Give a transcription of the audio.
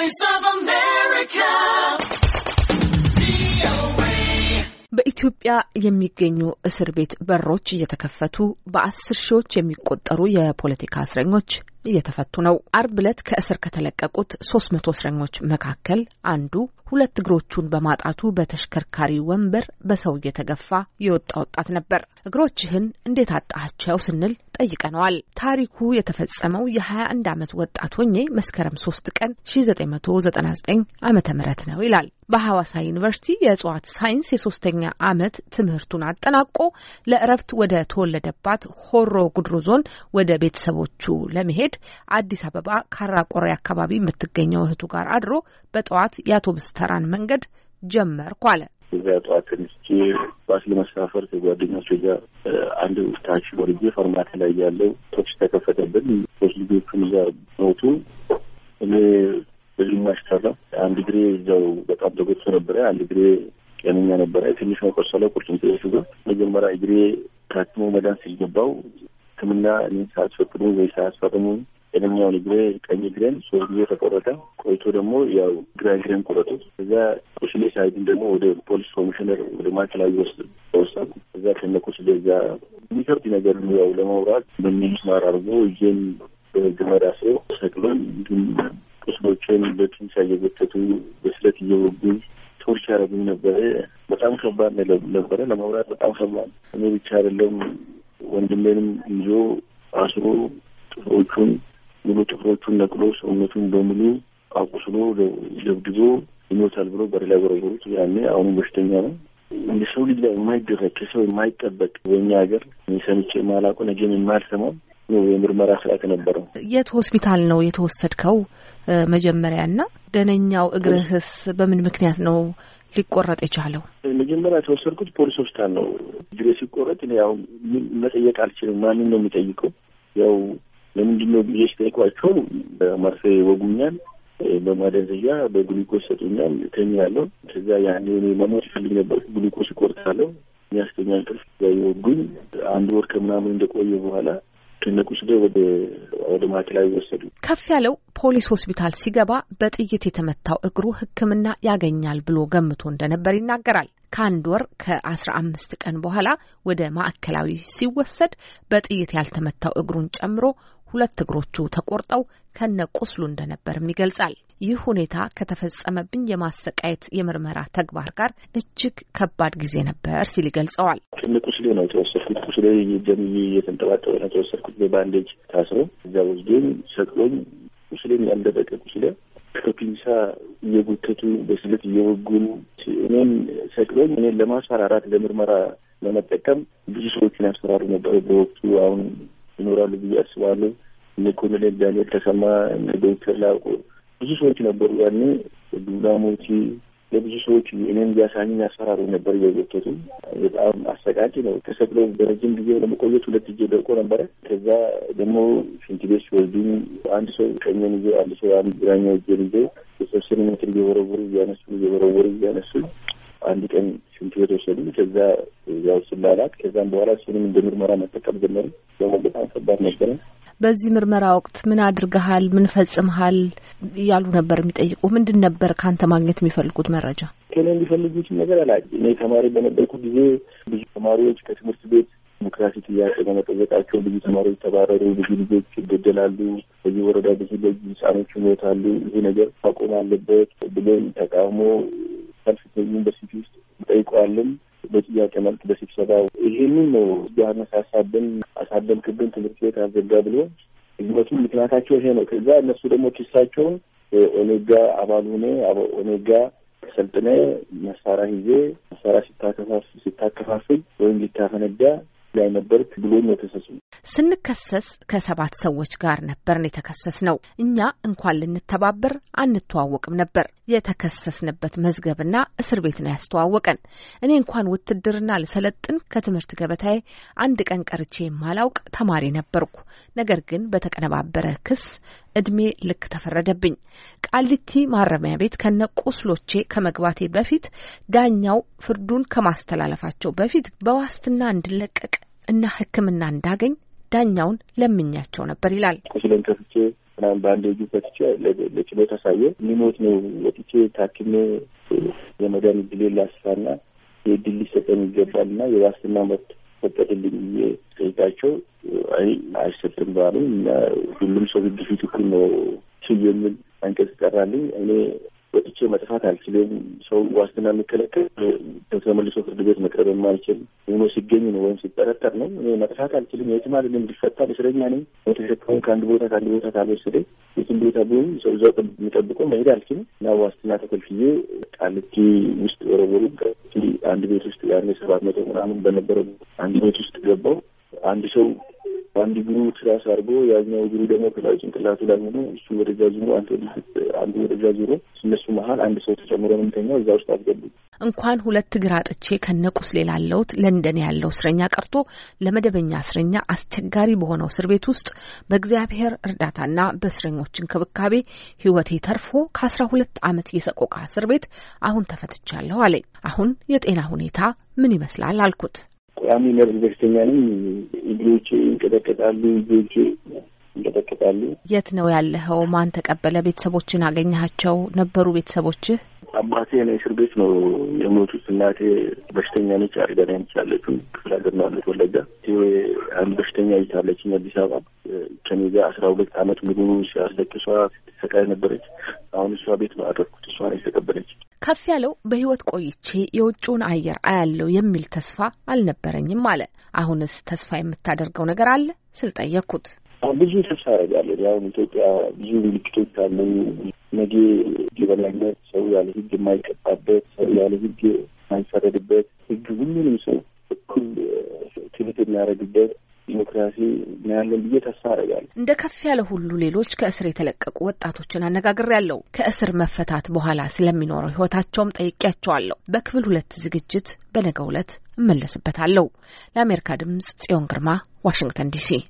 Voice of America. በኢትዮጵያ የሚገኙ እስር ቤት በሮች እየተከፈቱ በአስር ሺዎች የሚቆጠሩ የፖለቲካ እስረኞች እየተፈቱ ነው። አርብ ዕለት ከእስር ከተለቀቁት ሶስት መቶ እስረኞች መካከል አንዱ ሁለት እግሮቹን በማጣቱ በተሽከርካሪ ወንበር በሰው እየተገፋ የወጣ ወጣት ነበር። እግሮችህን እንዴት አጣቸው ስንል ጠይቀነዋል። ታሪኩ የተፈጸመው የ21 ዓመት ወጣት ሆኜ መስከረም 3 ቀን 1999 ዓ ም ነው ይላል። በሐዋሳ ዩኒቨርሲቲ የእጽዋት ሳይንስ የሶስተኛ ዓመት ትምህርቱን አጠናቆ ለእረፍት ወደ ተወለደባት ሆሮ ጉድሩ ዞን ወደ ቤተሰቦቹ ለመሄድ ሲሄድ አዲስ አበባ ካራቆሬ አካባቢ የምትገኘው እህቱ ጋር አድሮ በጠዋት የአውቶቡስ ተራን መንገድ ጀመርኩ አለ። እዚያ ጠዋት ተነስቼ ባስ ለመሳፈር ከጓደኞች ጋር አንድ ታክሲ ወርጄ ፋርማታ ላይ ያለው ተኩስ ተከፈተብን። ሶስት ልጆቹን እዛ ሞቱ። እኔ በግማሽ ተራ አንድ ግሬ እዛው በጣም ተጎድቶ ነበረ። አንድ ግሬ ጤነኛ ነበረ። ትንሽ መቆሰለ ቆሰለው ቁርጭምጭሚቱ ጋር መጀመሪያ እግሬ ታክሞ መዳን ሲገባው ሕክምና እኔን ሳያስፈቅዱ ወይ ሳያስፈርሙ ቀደኛውን እግሬ ቀኝ እግሬን ሶስት ጊዜ ተቆረጠ። ቆይቶ ደግሞ ያው ግራ እግሬን ቆረጡት። እዛ ቁስሌ ሳይድን ደግሞ ወደ ፖሊስ ኮሚሽነር ወደ ማዕከላዊ ወስድ ተወሰድኩ። እዛ ከነ ቁስሌ እዛ የሚከብድ ነገር ያው ለማውራት በሚስማር አድርጎ እጄን በገመድ አስሮ ሰቅሎን እንዲሁም ቁስሎችን በቱንቻ እየጎተቱ በስለት እየወጉኝ ቶርች ያደረጉኝ ነበረ። በጣም ከባድ ነበረ ለመውራት በጣም ከባድ እኔ ብቻ አይደለም ወንድሜንም ይዞ አስሮ ጥፍሮቹን ሙሉ ጥፍሮቹን ነቅሎ ሰውነቱን በሙሉ አቁስሎ ደብድቦ ይሞታል ብሎ በሌላ ጎረጎሮች ያኔ አሁኑ በሽተኛ ነው። የሰው ልጅ ላይ የማይደረግ ከሰው የማይጠበቅ በእኛ ሀገር ሰምቼ ማላውቀው ነገም የማልሰማው የምርመራ ስራ የተነበረው። የት ሆስፒታል ነው የተወሰድከው መጀመሪያ? እና ደነኛው እግርህስ በምን ምክንያት ነው ሊቆረጥ የቻለው? መጀመሪያ የተወሰድኩት ፖሊስ ሆስፒታል ነው። እግሬ ሲቆረጥ ያው መጠየቅ አልችልም። ማንም ነው የሚጠይቀው? ያው ለምንድን ነው ብዬ ሲጠይቋቸው ማርፌ ወጉኛል በማደንዘዣ በግሉኮስ ሰጡኛል። እተኛለሁ። ከዚያ ያኔ እኔ መሞት ይፈልግ ነበር። ግሉኮስ እቆርጣለሁ። የሚያስተኛ እንቅልፍ ወጉኝ። አንድ ወር ከምናምን እንደቆየ በኋላ ትልቁ ወስዶ ወደ ወደ ማዕከላዊ ወሰዱ። ከፍ ያለው ፖሊስ ሆስፒታል ሲገባ በጥይት የተመታው እግሩ ሕክምና ያገኛል ብሎ ገምቶ እንደነበር ይናገራል። ከአንድ ወር ከአስራ አምስት ቀን በኋላ ወደ ማዕከላዊ ሲወሰድ በጥይት ያልተመታው እግሩን ጨምሮ ሁለት እግሮቹ ተቆርጠው ከነ ቁስሉ እንደነበርም ይገልጻል። ይህ ሁኔታ ከተፈጸመብኝ የማሰቃየት የምርመራ ተግባር ጋር እጅግ ከባድ ጊዜ ነበር ሲል ይገልጸዋል። ትልቅ ቁስሌ ነው የተወሰድኩት። ቁስሌ ጀምዬ እየተንጠባጠበ ነው የተወሰድኩት። በባንዴጅ ታስሮ እዛ ወስዶኝ ሰቅሎኝ፣ ቁስሌም ያልደረቀ ቁስሌ ከፒንሳ እየጎተቱ በስለት እየወጉኑ እኔን ሰቅሎኝ፣ እኔን ለማስፈራራት ለምርመራ ለመጠቀም ብዙ ሰዎችን ያስፈራሩ ነበር በወቅቱ አሁን ይኖራሉ ብዬ አስባለሁ። እነ ኮሎኔል ዳንኤል ተሰማ፣ እነ ዶክተር ላቁ ብዙ ሰዎች ነበሩ። ያኔ ዱላ ሞቲ ለብዙ ሰዎች እኔም ያሳኝን ያስፈራሩ ነበር። እየጎተቱ በጣም አሰቃቂ ነው። ተሰቅለው በረጅም ጊዜ ለመቆየት ሁለት እጄ ደርቆ ነበረ። ከዛ ደግሞ ሽንት ቤት ሲወስዱኝ አንድ ሰው ቀኘን ይዞ አንድ ሰው አንድ ግራኛው እጄን ይዞ የሶስት ሜትር እየወረወሩ እያነሱ እየወረወሩ እያነሱ አንድ ቀን ሽንት ቤት ወሰዱኝ። ከዛ ያው ስላላት ከዛም በኋላ እሱንም እንደ ምርመራ መጠቀም ጀመሩ። ደግሞ በጣም ከባድ ነበረ። በዚህ ምርመራ ወቅት ምን አድርገሃል፣ ምን ፈጽመሃል እያሉ ነበር የሚጠይቁ። ምንድን ነበር ከአንተ ማግኘት የሚፈልጉት መረጃ? ከኔ የሚፈልጉት ነገር አላ እኔ ተማሪ በነበርኩ ጊዜ ብዙ ተማሪዎች ከትምህርት ቤት ዲሞክራሲ ጥያቄ በመጠየቃቸው ብዙ ተማሪዎች ተባረሩ፣ ብዙ ልጆች ይገደላሉ፣ በዚህ ወረዳ ብዙ ህጻኖች ይሞታሉ፣ ይህ ነገር መቆም አለበት ብለን ተቃውሞ ክልል በጥያቄ መልክ በስብሰባ ይሄንን ነው ያነሳሳብን አሳደምክብን ትምህርት ቤት አዘጋ ብሎ ህዝመቱ ምክንያታቸው ይሄ ነው። ከዛ እነሱ ደግሞ ኪሳቸውን ኦኔጋ አባል ሁኔ ኦኔጋ ሰልጥነ መሳሪያ ይዜ መሳሪያ ሲታከፋፍል ወይም ሊታፈነዳ ላይ ነበርክ ብሎ ነው ተሰሱ ስንከሰስ ከሰባት ሰዎች ጋር ነበርን የተከሰስ ነው። እኛ እንኳን ልንተባበር አንተዋወቅም ነበር። የተከሰስንበት መዝገብና እስር ቤት ነው ያስተዋወቀን። እኔ እንኳን ውትድርና ልሰለጥን ከትምህርት ገበታዬ አንድ ቀን ቀርቼ የማላውቅ ተማሪ ነበርኩ። ነገር ግን በተቀነባበረ ክስ እድሜ ልክ ተፈረደብኝ። ቃሊቲ ማረሚያ ቤት ከነ ቁስሎቼ ከመግባቴ በፊት ዳኛው ፍርዱን ከማስተላለፋቸው በፊት በዋስትና እንድለቀቅ እና ሕክምና እንዳገኝ ዳኛውን ለምኛቸው ነበር ይላል። ቁስሌን ከፍቼ ምናምን በአንዴጁ ከፍቼ ለችሎት አሳየ ሊሞት ነው ወጥቼ ታክሜ የመዳን እድሌ ላስፋና የድል ሊሰጠን ይገባል እና የዋስትና መብት ፈቀድልኝ ብዬ ጠይቃቸው አይ አይሰጥም ባሉ ሁሉም ሰው ህግ ፊት እኩል ነው ስየምል አንቀጽ ቀራልኝ እኔ ወጥቼ መጥፋት አልችልም። ሰው ዋስትና የሚከለከል ተመልሶ ፍርድ ቤት መቅረብ የማልችል ሆኖ ሲገኝ ነው ወይም ሲጠረጠር ነው። እኔ መጥፋት አልችልም። የትም አለ እንዲፈታ እስረኛ ነኝ። የተሸከሙን ከአንድ ቦታ ከአንድ ቦታ ካልወሰደኝ የትም ቦታ ቢሆን ሰው እዛው የሚጠብቀው መሄድ አልችልም እና ዋስትና ተከልክዬ ቃልቲ ውስጥ ወረወሩ። አንድ ቤት ውስጥ ያኔ ሰባት መቶ ምናምን በነበረ አንድ ቤት ውስጥ ገባው አንድ ሰው ትራስ አድርጎ ያኛው እግሩ ደግሞ ከላይ ጭንቅላቱ ላይ ሆኖ እሱ ወደዛ ዙሮ አንዱ ወደዛ ዙሮ እነሱ መሀል አንድ ሰው ተጨምሮ ነው እዛ ውስጥ አስገቡ። እንኳን ሁለት እግር አጥቼ ከነቁስሌ ላለሁት ለንደን ያለው እስረኛ ቀርቶ ለመደበኛ እስረኛ አስቸጋሪ በሆነው እስር ቤት ውስጥ በእግዚአብሔር እርዳታና በእስረኞች እንክብካቤ ህይወቴ ተርፎ ከአስራ ሁለት አመት የሰቆቃ እስር ቤት አሁን ተፈትቻለሁ አለኝ። አሁን የጤና ሁኔታ ምን ይመስላል አልኩት። ቋሚና በሽተኛ ነኝ። እጆቼ ይንቀጠቀጣሉ፣ እጆቼ ይንቀጠቀጣሉ። የት ነው ያለኸው? ማን ተቀበለ? ቤተሰቦችን አገኘሃቸው? ነበሩ ቤተሰቦችህ? አባቴ ነው እስር ቤት ነው የሞቱት። እናቴ በሽተኛ ነች፣ አልጋ ላይ ነች ያለችው። ክፍለ ሀገር ነው ያለች ወለጋ። አንድ በሽተኛ ይታለችኝ አዲስ አበባ ከኔ ጋር አስራ ሁለት አመት ሙሉ ሲያስለቅሷ ስትሰቃይ ነበረች። አሁን እሷ ቤት ነው አደርኩት። እሷ ነው የተቀበለ ከፍ ያለው በህይወት ቆይቼ የውጭውን አየር አያለው የሚል ተስፋ አልነበረኝም አለ። አሁንስ ተስፋ የምታደርገው ነገር አለ ስል ጠየቅኩት። ብዙ ተስፋ ያደርጋለሁ። አሁን ኢትዮጵያ ብዙ ምልክቶች አሉ። ነገ የበላይነት፣ ሰው ያለ ህግ የማይቀጣበት፣ ሰው ያለ ህግ የማይፈረድበት፣ ህግ ሁሉንም ሰው እኩል ትምህርት የሚያደርግበት ዲሞክራሲ እናያለን ብዬ ተስፋ አደርጋለሁ። እንደ ከፍ ያለ ሁሉ ሌሎች ከእስር የተለቀቁ ወጣቶችን ያለው ከእስር መፈታት በኋላ ስለሚኖረው ህይወታቸውም ጠይቄያቸዋለሁ። በክፍል ሁለት ዝግጅት በነገ ዕለት እመለስበታለሁ። ለአሜሪካ ድምጽ ጽዮን ግርማ ዋሽንግተን ዲሲ